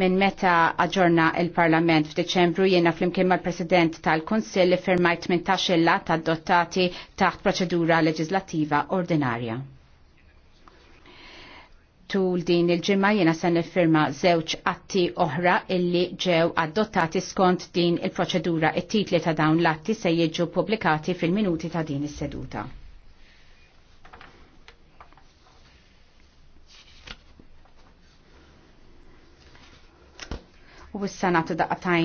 minn meta aġġorna il-Parlament f'Deċembru jiena flimkien mal-President tal-Kunsill li firmajt 18 illa tad-dottati taħt proċedura leġislattiva ordinarja. Tul din il-ġimma jiena se nifirma żewġ atti oħra illi ġew adottati skont din il-proċedura it-titli ta' dawn l-atti se jiġu publikati fil-minuti ta' din is-seduta. u issa nagħtu daqatajn